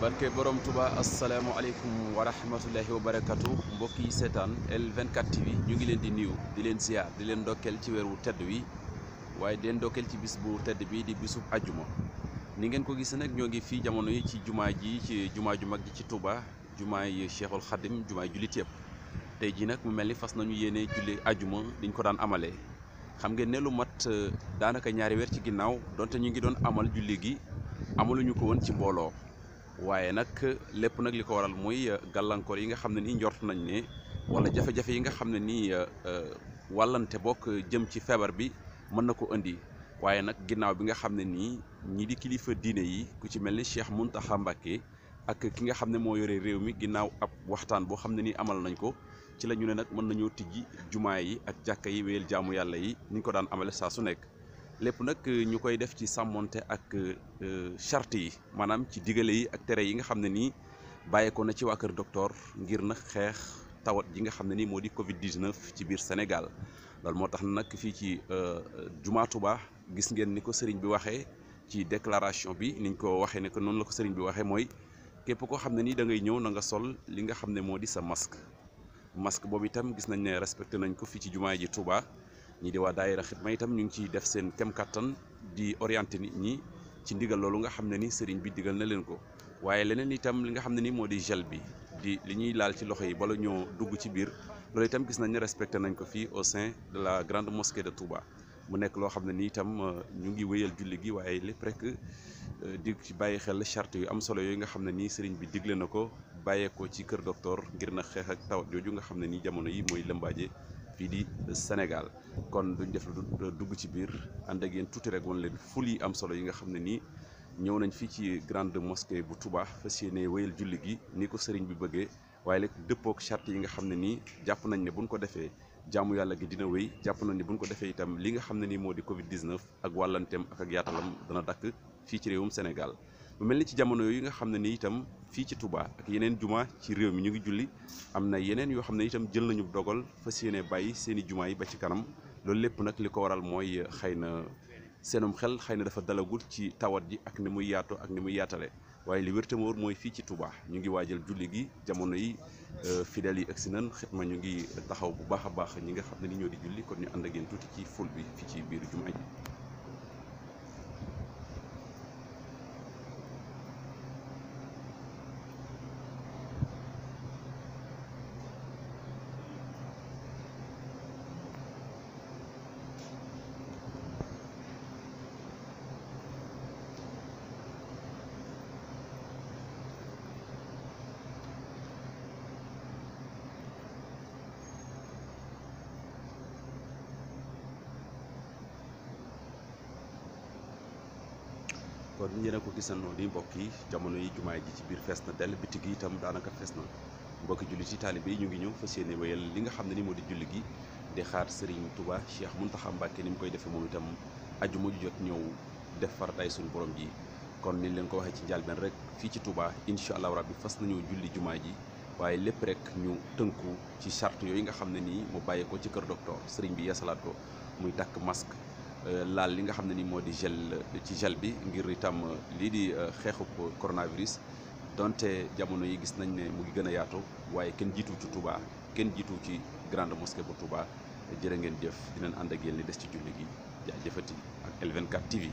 barke borom Touba asalaamaaleykum wa rahmatulahi wa barakatu mbokk yi seetaan L24 TV ñu ngi leen di nuyu di leen ziar di leen dokkeel ci weer tedd wi waaye di leen ndokkeel ci bis bu tedd bi di bisub ajjuma ni ngeen ko gisee nag ñoo ngi fii jamono yi ci jumaa ji ci jumaa ju mag ji ci tubaa jumaa yi Cheikhul Khadim jumaa yi jullit yëpp tey jii nag mu mel ni fas nañu yéene julli ajjuma diñ ko daan amalee xam ngeen ne lu mat euh, daanaka ñaari weer ci ginnaaw donte ñu ngi doon amal julli gi amaluñu ko woon ci mbooloo waaye nag lépp nag li ko waral mooy euh, gàllankoor yi nga xam ne nii njort nañ ne wala jafe-jafe yi nga xam ne nii euh, euh, wàllante bokk jëm ci feebar bi mën na ko indi waaye nag ginnaaw bi nga xam ne nii ñii di kilifa diine yi ku ci mel ni Cheikh Mountakha Mbacké ak ki nga xam ne moo yore réew mi ginnaaw ab waxtaan boo xam ne nii amal nañ ko ci la ñu ne nag mën nañoo tijji jumaa yi ak jàkka yi wéyal jaamu yàlla yi ni ñu ko daan amale saa su nekk. lépp nag euh, ñu koy def ci sàmmoonte ak euh, charte yi maanaam ci digale yi ak tere yi nga xam ne nii bàyyeekoon na ci waa kër docteur ngir na xeex tawat ji nga xam ne nii moo di Covid 19 ci biir Sénégal loolu moo tax nag fii ci euh, Jumaa Tuba gis ngeen ni ko sëriñ bi waxee ci déclaration bi niñ ko waxee ne que noonu la ko sëriñ bi waxee mooy képp koo xam ne nii dangay ñëw na nga sol li nga xam ne moo di sa masque masque boobu itam gis nañ ne respecté nañ ko fii ci jumaa ji Tuba. ñii di waa daayira ma itam ñu ngi ciy def seen kem kattan di orienté nit ñi ci ndigal loolu nga xam ne ni sëriñ bi digal na leen ko waaye leneen itam li nga xam ne ni moo di gel bi di li ñuy laal ci loxo yi bala ñoo dugg ci biir loolu itam gis nañ ne respecté nañ ko fii au sein de la grande mosquée de Touba mu nekk loo xam ne ni itam euh, ñu ngi wéyal julli gi waaye lépp rek euh, di ci bàyyi xel charte yu am solo yooyu nga xam ne nii sëriñ bi digle na ko bàyyeekoo ci kër docteur ngir na xeex ak tawat jooju nga xam ne nii jamono yi mooy bii di Sénégal kon duñ def lu dugg ci biir ànd ak yéen tuuti rek woon leen ful yi am solo yi nga xam ne nii ñëw nañ fii ci grande mosquée bu tubaax fas yéene wéyal julli gi ni ko sëriñ bi bëggee waaye nag dëppook charte yi nga xam ne nii jàpp nañ ne bu buñ ko defee jaamu yàlla gi dina wéy jàpp nañ ne buñ ko defee itam li nga xam ne nii moo di Covid 19 ak wàllanteem ak ak yaatalam dana dakk fii ci réewum Sénégal. mu mel na ci jamono yooyu nga xam ne ni itam fii ci tubaa ak yeneen juma ci réew mi ñu ngi julli am na yeneen yoo xam ne itam jël nañu dogal fas yéene bàyyi seen i yi ba ci kanam loolu lépp nag li ko waral mooy xëy na seenum xel xëy na dafa dalagul ci tawat ji ak ni muy yaatoo ak ni muy yaatale waaye li wér te mooy fii ci Touba ñu ngi waajal julli gi jamono yi euh, fidèles yi agsi nan ma ñu ngi taxaw bu baax a baax ñi nga xam ne ni ñoo di julli kon ñu ànd ful bi fii ci biir jumaa kon yéen a ko gisandoo di mbokk yi jamono yi jumaay ji ci biir fees na dell bitig yi itam daanaka fees na mbokki julli yi taalibe yi ñu ngi ñëw fas yéene wéyal li nga xam ne ni moo di julli gi di xaar Serigne Touba Cheikh Mountakha Mbacké ni mu koy defee moom itam aju mu jot ñëw def farataay suñu borom ji kon ni leen ko waxee ci njalbeen rek fii ci tubaa incha allah rabbi fas nañu julli jumaa ji waaye lépp rek ñu tënku ci charte yooyu nga xam ne nii mu bàyyee ko ci kër docteur Serigne bi yeesalaat ko muy takk masque Euh, laal li nga xam ne ni moo di gel ci gel bi ngir itam euh, lii di euh, xeexub coronavirus donte jamono yi gis nañ ne mu ngi gën a yaatu waaye kenn jiitu ci tubaa kenn jiitu ci grande mosquée bu jër jërë ngeen jëf di dinañ ànd ak yéen li des ci julli gi jaajëfati ak L24 TV.